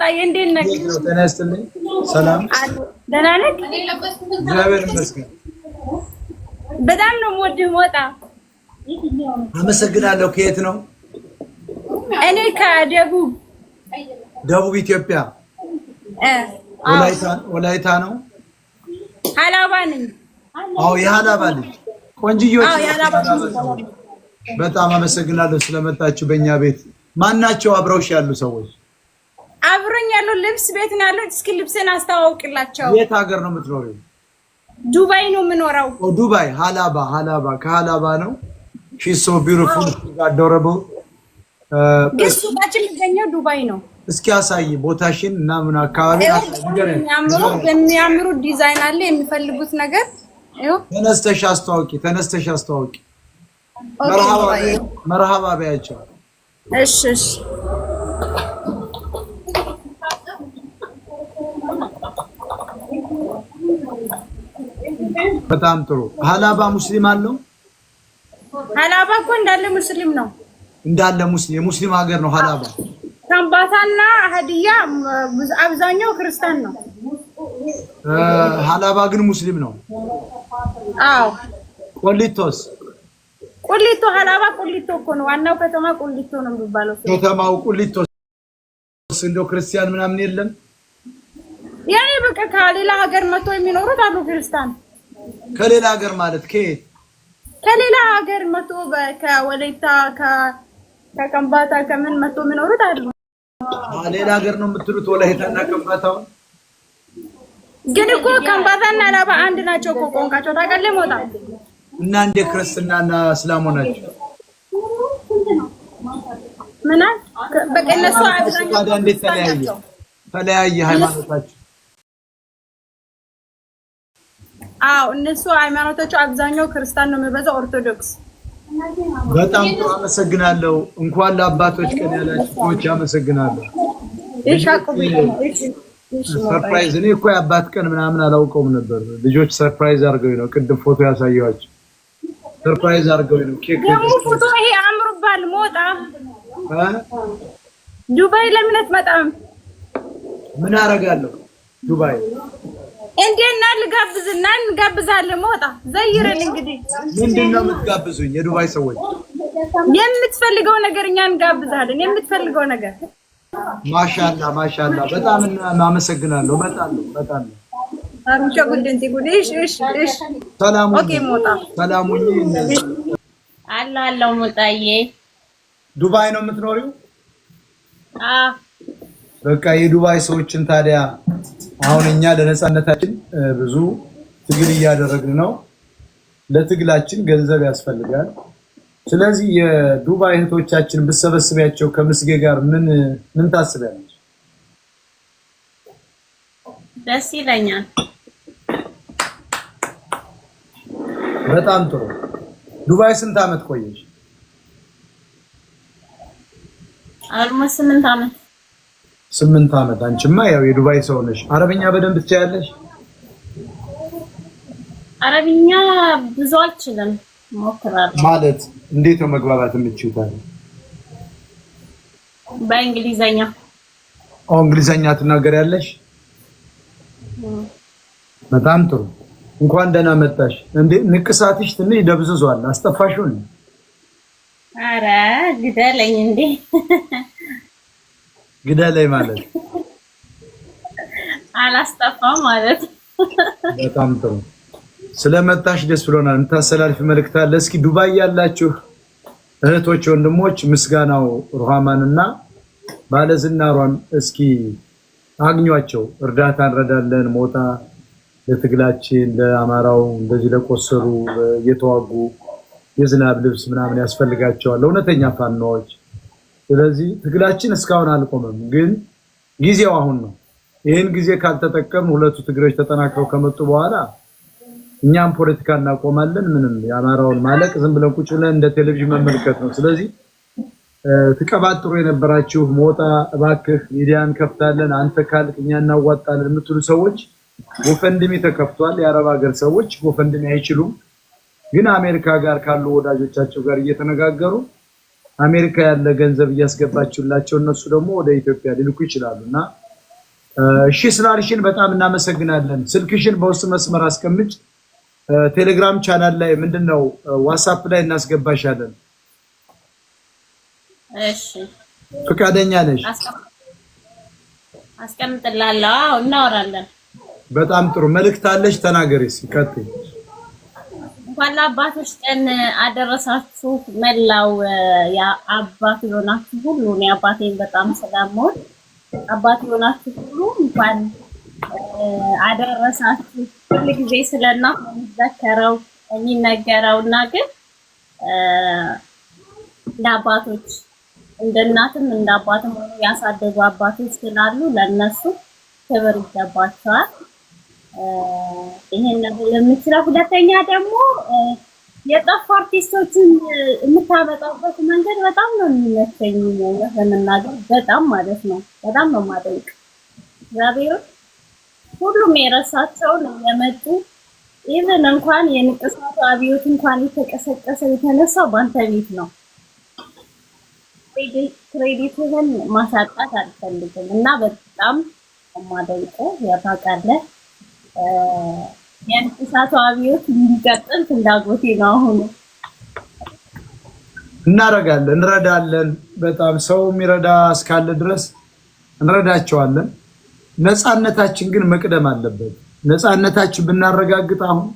ጣጣዬ እንዴት ነህ? ተነስተልኝ። ሰላም ደህና ነህ? እግዚአብሔር ይመስገን። በጣም ነው የምወድህ ሞጣ። አመሰግናለሁ። ከየት ነው? እኔ ከደቡብ ደቡብ ኢትዮጵያ ወላይታ ነው። ሀላባ ነኝ። አዎ የሀላባ ልጅ ቆንጅዮች። በጣም አመሰግናለሁ ስለመጣችሁ በእኛ ቤት። ማናቸው አብረውሽ ያሉ ሰዎች? አብሮኝ ያለው ልብስ ቤት ነው ያለው። እስኪ ልብስን አስተዋውቅላቸው። የት ሀገር ነው የምትኖሪው? ዱባይ ነው የምኖረው። ዱባይ ሀላባ። ሀላባ ከሀላባ ነው። ሶ ቢሩፉል አደረቡ እሱ ሱቃችን የሚገኘው ዱባይ ነው። እስኪ አሳይ ቦታሽን እና ምን አካባቢ የሚያምሩ ዲዛይን አለ። የሚፈልጉት ነገር ተነስተሽ አስተዋውቂ፣ ተነስተሽ አስተዋውቂ። መርሃባ በያቸው። እሺ እሺ በጣም ጥሩ። ሀላባ ሙስሊም አለው? ሀላባ እኮ እንዳለ ሙስሊም ነው። እንዳለ ሙስሊም የሙስሊም ሀገር ነው ሀላባ። ከምባታና ሀዲያ አብዛኛው ክርስቲያን ነው። ሀላባ ግን ሙስሊም ነው። አዎ። ቆሊቶስ? ቁሊቶ ሀላባ ቁሊቶ እኮ ነው ዋናው ከተማ ቁሊቶ ነው የሚባለው ከተማው ቁሊቶ። እንደው ክርስቲያን ምናምን የለም። ያኔ በቃ ከሌላ ሀገር መጥቶ የሚኖሩት አሉ ክርስቲያን ከሌላ ሀገር ማለት ከየት? ከሌላ ሀገር መቶ ከወለይታ ከከምባታ ከምን መቶ የሚኖሩት አሉ። ሌላ ሀገር ነው የምትሉት? ወለይታና ከምባታው ግን እኮ ከምባታና ላባ አንድ ናቸው እኮ ቆንቃቸው ታውቃለህ። ሞታ እና እንደ ክርስትናና እስላም ሆናቸው ምናምን በቃ አብዛኛው ተለያየ ሃይማኖታቸው አዎ እነሱ ሃይማኖታቸው አብዛኛው ክርስቲያን ነው የሚበዛው፣ ኦርቶዶክስ። በጣም ጥሩ አመሰግናለሁ። እንኳን ለአባቶች ቀን ያላችሁት አመሰግናለሁ። ሰርፕራይዝ እኔ እኮ የአባት ቀን ምናምን አላውቀውም ነበር። ልጆች ሰርፕራይዝ አድርገው ነው ቅድም ፎቶ ያሳየኋቸው። ሰርፕራይዝ አድርገው ነው ኬክ ፎቶ። ይሄ አምሮባል ሞጣ ዱባይ ለምን አትመጣም? ምን አደርጋለሁ ዱባይ እንዴና እና እንጋብዛለን። ሞጣ ዘይረን እንግዲህ ምንድን ነው የምትጋብዙኝ? የዱባይ ሰዎች የምትፈልገው ነገር እኛ እንጋብዛለን። የምትፈልገው ነገር ማሻላ ማሻላ። በጣም አመሰግናለሁ። በጣም በጣም አሩጫ ጉድንቲ ጉዲሽ እሽ እሽ። ሰላም ኦኬ። ሞጣ ሰላሙኝ አላ አላው ሞጣዬ፣ ዱባይ ነው የምትኖሪው? አ በቃ የዱባይ ሰዎችን ታዲያ አሁን እኛ ለነፃነታችን ብዙ ትግል እያደረግን ነው። ለትግላችን ገንዘብ ያስፈልጋል። ስለዚህ የዱባይ እህቶቻችን ብሰበስቢያቸው ከምስጌ ጋር ምን ምን ታስቢያለች? ደስ ይለኛል። በጣም ጥሩ። ዱባይ ስንት ዓመት ቆየች? አልሞ ስምንት ዓመት ስምንት ዓመት አንቺማ ያው የዱባይ ሰው ነሽ። አረብኛ በደንብ ትችያለሽ? አረብኛ ብዙ አልችልም፣ እሞክራለሁ። ማለት እንዴት ነው መግባባት የምትችይው? በእንግሊዘኛ። ኦ እንግሊዘኛ ትናገሪያለሽ? በጣም ጥሩ። እንኳን ደህና መጣሽ። እንዴ ንቅሳትሽ ትንሽ ደብዝዟል። አስጠፋሽው አረ ግደለኝ እንዴ ግደለኝ ማለት አላስጠፋም ማለት። በጣም ጥሩ ስለመጣሽ ደስ ብሎናል። የምታስተላልፍ መልእክት አለ? እስኪ ዱባይ ያላችሁ እህቶች ወንድሞች፣ ምስጋናው ሩሃማንና ባለዝናሯን እስኪ አግኟቸው። እርዳታ እንረዳለን። ሞታ ለትግላችን ለአማራው እንደዚህ ለቆሰሉ እየተዋጉ የዝናብ ልብስ ምናምን ያስፈልጋቸዋል። እውነተኛ ፋኖዎች ስለዚህ ትግላችን እስካሁን አልቆመም፣ ግን ጊዜው አሁን ነው። ይህን ጊዜ ካልተጠቀም ሁለቱ ትግሮች ተጠናክረው ከመጡ በኋላ እኛም ፖለቲካ እናቆማለን። ምንም የአማራውን ማለቅ ዝም ብለን ቁጭ ብለን እንደ ቴሌቪዥን መመልከት ነው። ስለዚህ ትቀባጥሩ የነበራችሁ ሞጣ እባክህ ሚዲያ እንከፍታለን፣ አንተ ካልክ እኛ እናዋጣለን የምትሉ ሰዎች ጎፈንድሚ ተከፍቷል። የአረብ ሀገር ሰዎች ጎፈንድሚ አይችሉም፣ ግን አሜሪካ ጋር ካሉ ወዳጆቻቸው ጋር እየተነጋገሩ አሜሪካ ያለ ገንዘብ እያስገባችሁላቸው እነሱ ደግሞ ወደ ኢትዮጵያ ሊልኩ ይችላሉ። እና እሺ ስላልሽን በጣም እናመሰግናለን። ስልክሽን በውስጥ መስመር አስቀምጭ። ቴሌግራም ቻናል ላይ ምንድን ነው ዋትሳፕ ላይ እናስገባሻለን። እሺ ፈቃደኛ ነሽ? አስቀምጥላለሁ። እናወራለን። በጣም ጥሩ መልእክት አለሽ፣ ተናገሪ እንኳን ለአባቶች ቀን አደረሳችሁ። መላው አባት የሆናችሁ ሁሉ እኔ አባቴን በጣም ስለምወድ አባት የሆናችሁ ሁሉ እንኳን አደረሳችሁ። ሁሉ ጊዜ ስለና የሚዘከረው የሚነገረው እና ግን ለአባቶች እንደ እናትም እንደ አባትም ሆኖ ያሳደጉ አባቶች ስላሉ ለእነሱ ክብር ይገባቸዋል። ይሄን ነው የምችለው። ሁለተኛ ደግሞ የጠፉ አርቲስቶችን የምታመጣበት መንገድ በጣም ነው የሚመቸኝ። ለመናገር በጣም ማለት ነው በጣም ነው ማደንቅ እግዚአብሔር ሁሉም የረሳቸውን የመጡ ኢቨን እንኳን የንቅሳቱ አብዮት እንኳን የተቀሰቀሰ የተነሳው በአንተ ቤት ነው። ክሬዲትህን ማሳጣት አልፈልግም እና በጣም ማደንቆ ያታውቃለህ የእሳቱ አብዮት እንዲቀጥል ፍላጎቴ ነው። አሁኑ እናደርጋለን፣ እንረዳለን። በጣም ሰው የሚረዳ እስካለ ድረስ እንረዳቸዋለን። ነፃነታችን ግን መቅደም አለበት። ነፃነታችን ብናረጋግጥ አሁን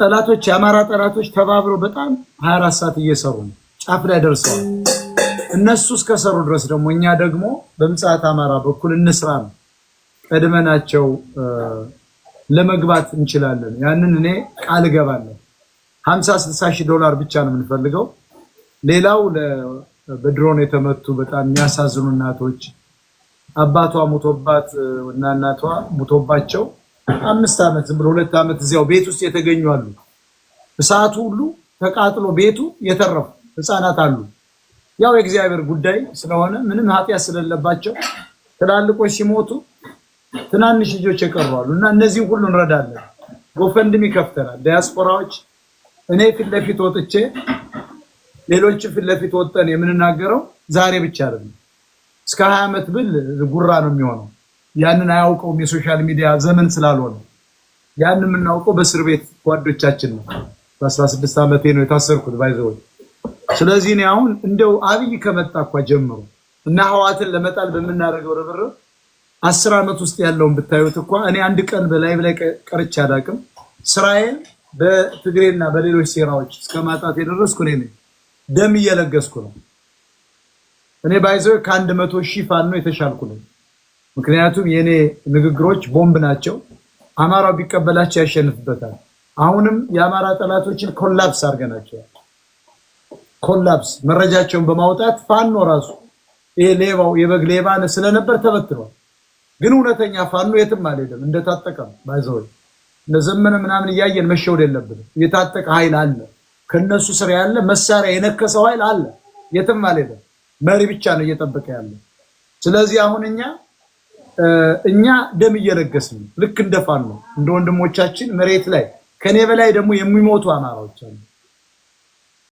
ጠላቶች የአማራ ጠላቶች ተባብረው በጣም 24 ሰዓት እየሰሩ ነው። ጫፍ ላይ ደርሰዋል። እነሱ እስከሰሩ ድረስ ደግሞ እኛ ደግሞ በምጽአት አማራ በኩል እንስራ ነው። ቀድመናቸው ለመግባት እንችላለን። ያንን እኔ ቃል እገባለሁ። ሀምሳ ስልሳ ሺህ ዶላር ብቻ ነው የምንፈልገው። ሌላው በድሮን የተመቱ በጣም የሚያሳዝኑ እናቶች አባቷ ሙቶባት እና እናቷ ሙቶባቸው አምስት ዓመት ዝም ብሎ ሁለት ዓመት እዚያው ቤት ውስጥ የተገኙ አሉ። እሳቱ ሁሉ ተቃጥሎ ቤቱ የተረፉ ህፃናት አሉ። ያው የእግዚአብሔር ጉዳይ ስለሆነ ምንም ኃጢአት ስለሌለባቸው ትላልቆች ሲሞቱ ትናንሽ ልጆች ይቀርባሉ እና እነዚህ ሁሉ እንረዳለን። ጎፈንድም ይከፍተናል። ዲያስፖራዎች እኔ ፊት ለፊት ወጥቼ ሌሎች ፊት ለፊት ወጠን የምንናገረው ዛሬ ብቻ አይደለም። እስከ ሀያ ዓመት ብል ጉራ ነው የሚሆነው። ያንን አያውቀውም የሶሻል ሚዲያ ዘመን ስላልሆነ ያንን የምናውቀው በእስር ቤት ጓዶቻችን ነው። በ16 ዓመቴ ነው የታሰርኩት ባይዘወይ። ስለዚህ እኔ አሁን እንደው አብይ ከመጣ እኳ ጀምሮ እና ህዋትን ለመጣል በምናደርገው ርብርብ አስር ዓመት ውስጥ ያለውን ብታዩት እኳ እኔ አንድ ቀን በላይ ላይ ቀርቼ አላውቅም። ስራዬን በትግሬና በሌሎች ሴራዎች እስከ ማጣት የደረስኩ እኔ ነኝ። ደም እየለገስኩ ነው። እኔ ባይዘው ከአንድ መቶ ሺህ ፋኖ የተሻልኩ ነኝ። ምክንያቱም የእኔ ንግግሮች ቦምብ ናቸው። አማራው ቢቀበላቸው ያሸንፍበታል። አሁንም የአማራ ጠላቶችን ኮላፕስ አድርገናቸዋል። ኮላፕስ መረጃቸውን በማውጣት ፋኖ ራሱ ይሄ ሌባው የበግ ሌባ ስለነበር ተበትኗል። ግን እውነተኛ ፋኖ የትም አልሄደም። እንደታጠቀ ባይዘው ለዘመነ ምናምን እያየን መሸወድ የለብንም። የታጠቀ ኃይል አለ፣ ከነሱ ስር ያለ መሳሪያ የነከሰው ኃይል አለ። የትም አልሄደም። መሪ ብቻ ነው እየጠበቀ ያለ። ስለዚህ አሁን እኛ እኛ ደም እየለገስን ልክ እንደ ፋኖ እንደ ወንድሞቻችን መሬት ላይ ከኔ በላይ ደግሞ የሚሞቱ አማራዎች አሉ።